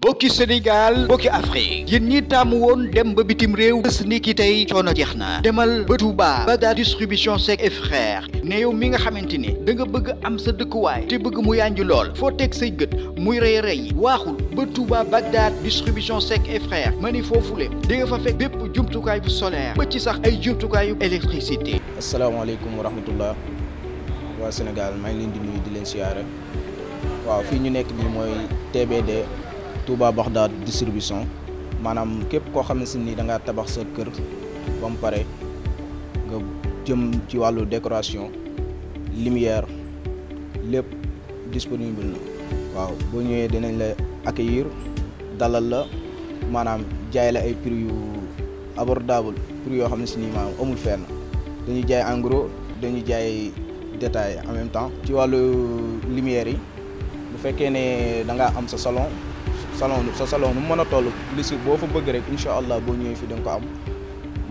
bokki Sénégal bokki Afrique yéen ñi tàmm woon dem ba bitim réew bés ni ki tey coono jeex na demal ba Touba Bagdad distribution Seck et frère ne yow mi nga xamante ni da nga bëgg am sa dëkkuwaay te bëgg mu yànji lool foo teg say gët muy rey rey yi waaxul ba Touba Bagdad distribution Seck et frère ma ni foofule di nga fa fekk bépp jumtukaay bu solaire ba ci sax ay jumtukaayu électricité. asalaamaaleykum wa rahmatullah waa Sénégal maa ngi di nuyu di leen siyaare waaw fii ñu nekk nii mooy Touba Bagdad distribution maanaam képp koo xam ne si ni da ngaa tabax sa kër ba mu pare nga jëm ci wàllu décoration lumière lépp disponible na waaw boo ñëwee dinañ la accueillir dalal la maanaam jaay la ay prix yu abordable prix yoo xam ne si nii maanaam fenn dañuy jaay en gros dañuy jaay détail en même temps ci wàllu lumière yi bu fekkee ne da am sa salon salon sa salon nu mën a toll li boo fa bëgg rek incha allah boo ñëwee fi da ko am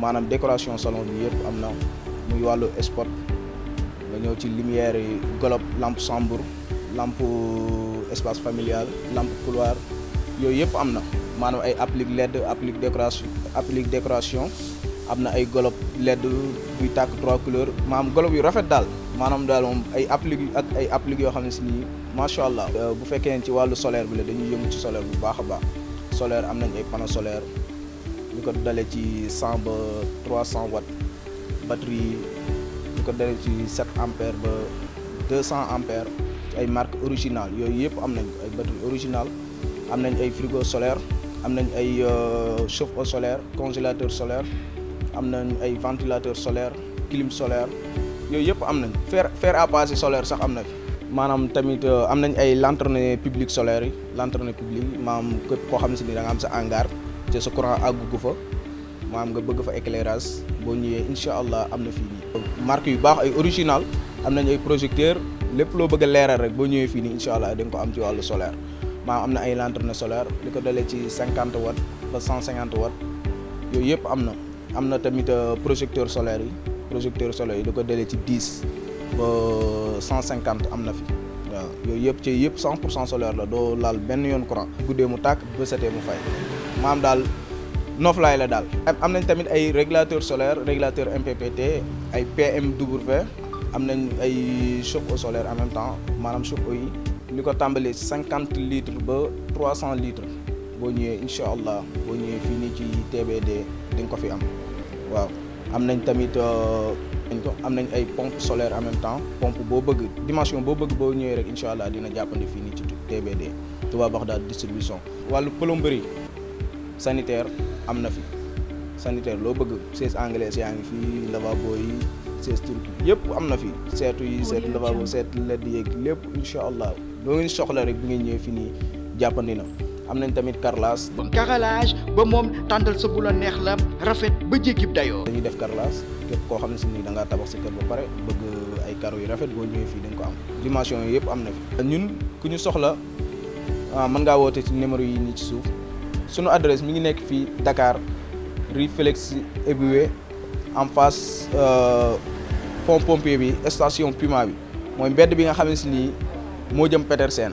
maanaam décoration salon bi yëpp am na muy wàllu spot nga ñëw ci lumière yi golob lampe chambre lampe euh, espace familial lamp couloir yooyu yëpp am na maanaam ay applique led applique décoration applique décoration am na ay golob led buy tàkk trois couleurs maanaam golob yu rafet daal maanaam daal moom ay applique ak ay applique yoo xam ne si nii macha allah. Euh, bu fekkee ci wàllu solaire bi la dañuy yëngu ci solaire bu baax baax solaire am nañ ay panneau solaire ñu ko dalee ci cent ba trois cent watt batterie ñu ko dalee ci sept ampères ba deux cent ampères ci ay marque originale yooyu yëpp am nañ ay batterie originale am nañ ay frigo solaire am nañ ay euh, chauffe-eau solaire congélateur solaire am nañ ay ventilateur solaire clim solaire yooyu yëpp am nañ fer fer à base solaire sax am na fi maanaam tamit euh, am nañ ay lanterne publique solaire yi lanterne publique yi maanaam képp xam ne si ni da am sa hangar te sa courant ko fa maanaam nga bëgg fa éclairage boo ñëwee incha allah am na fii nii marque yu baax ay original am nañ ay projecteur lépp loo bëgg leeral rek boo ñëwee fii nii incha allah da ko am ci wàllu solaire maanaam am na ay lentre lanterne solaire li ko dalee ci cinquante watt ba cent cinquante watt yooyu yëpp am na am na tamit euh, projecteur solaire yi projecteur solaire yi lu ko delee ci diis ba cent cinquante am na fi waaw yooyu yëpp ci yëpp cent pour cent solaire la doo laal benn yoon courant guddee mu tàkk ba setee mu fay am daal noflaay la daal. am nañ tamit ay régulateur solaire régulateur MPPT ay pm PMW am nañ ay chauffe-eau solaire en même temps maanaam chauffe yi li ko tàmbalee cinquante litres ba trois cent litres boo ñëwee incha allah boo ñëwee fii nii ci TBD di nga ko fi am waaw. am nañ tamit euh, am nañ ay pompe solaire en même temps pompe boo bëgg dimension boo bëgg boo ñëwee rek incha allah dina jàppandi fii nii ci TBD Touba Bagdad distribution wàllu plomberie sanitaire am na fi sanitaire loo bëgg siège anglais yaa ngi fi lavabo yi siège turc yëpp am na fi seetu yi seet lavabo seet ledd yeeg lépp incha allah loo ngeen soxla rek bi ngeen ñëwee fii nii jàppandi na am nañ tamit carrelage. carrelage ba moom tàndal sa bu la neex la rafet ba jéggib dayoo. dañuy def carrelage képp koo xam ne si ni da ngaa tabax sa kër ba pare bëgg ay carreaux yu rafet boo ñëwee fii dañ ko am dimension yi yëpp am na fi. ñun ku ñu soxla ah, mën ngaa woote ci numéro yi nii ci suuf sunu adresse mi ngi nekk fii Dakar rue Félix en face euh, pont pompier bi station Puma bi mooy mbedd bi nga xam ne si nii moo jëm Petersen.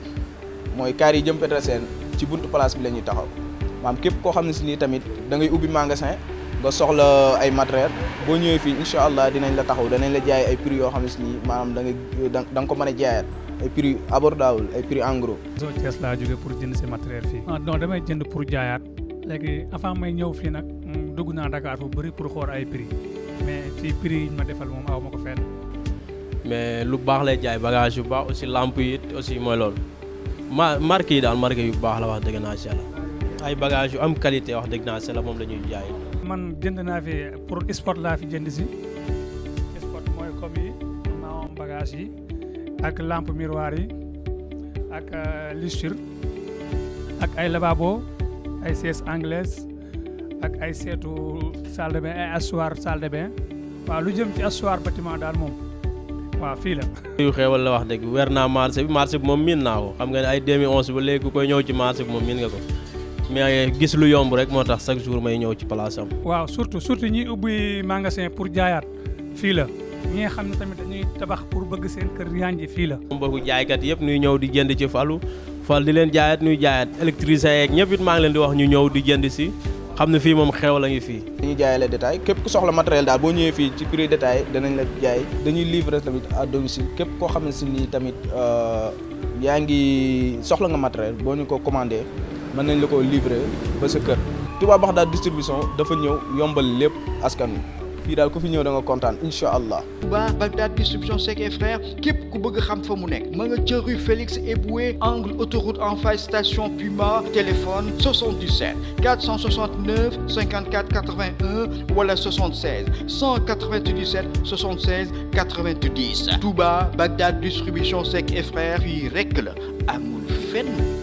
mooy kaar yi jëm Petersen ci bunt place bi la ñuy taxaw maam képp koo xam ne si nii tamit dangay ngay ubbi magasin nga soxla ay matériel boo ñëwee fii incha allah dinañ la taxaw danañ la jaay ay prix yoo xam ne si nii maanaam da danga da nga ko mën a jaayaat ay prix abordable ay prix en gros. réseau Thiès laa jógee pour jënd matériel fii. ah non damay jënd pour jaayaat léegi avant may ñëw fii nag mm, dugg naa Dakar fu bëri pour xool ay prix mais fii prix yi ma defal moom aw ma ko fenn. mais lu baax lay jaay bagage yu baax aussi lampe yi aussi mooy loolu. ma mark yi daal marque yu baax la wax dëgg naa si ay bagages yu am qualité wax dëgg naa si yàlla moom la jaay. man jënd naa fi pour sport laa fi jënd si sport mooy comme yi maa am yi ak lampe miroir yi ak euh, lustre ak ay lavabo ay chaise anglaise ak ay seetu salle de bain ay assoir salle de bain waaw lu jëm ci assoir bâtiment daal moom. waaw fii la yu xeewal la wax dëgg weer naa marché bi marché bi moom miin naa ko xam nga ne ay 2011 ba léegi ku koy ñëw ci marché bi moom miin nga ko mais gis lu yomb rek moo tax chaque jour may ñëw ci place am waaw surtout surtout ñi ubbi magasin pour jaayaat fii la ñi nga xam ne tamit dañuy tabax pour bëgg seen kër yanji fii la mbokku jaaykat yëpp ñuy ñëw di jënd ci falu fal di leen jaayaat ñuy jaayaat électricien yeeg ñëpp it maa ngi leen di wax ñu ñëw di jënd si xam ne fii moom xew la ngi fii dañuy jaay la détail képp ku soxla matériel daal boo ñëwee fii ci prix détail danañ la jaay dañuy livrer tamit à domicile képp koo xam ne si nii tamit euh, yaa ngi soxla nga matériel boo ñu ko commandé mën nañ la ko livrer ba sa kër Touba Bagdad distribution dafa ñëw yombal lépp askan wi fii daal ku fi ñëw da nga kontaan incha allah. Touba Bagdad distribution Seck képp ku bëgg xam fa mu nekk ma nga ca rue Félix Éboué angle autoroute en face station Puma téléphone 77 469 54 81 wala 76 197 76 90 Touba Bagdad distribution Seck et frères fii rekk la amul fenn.